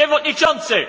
Przewodniczący!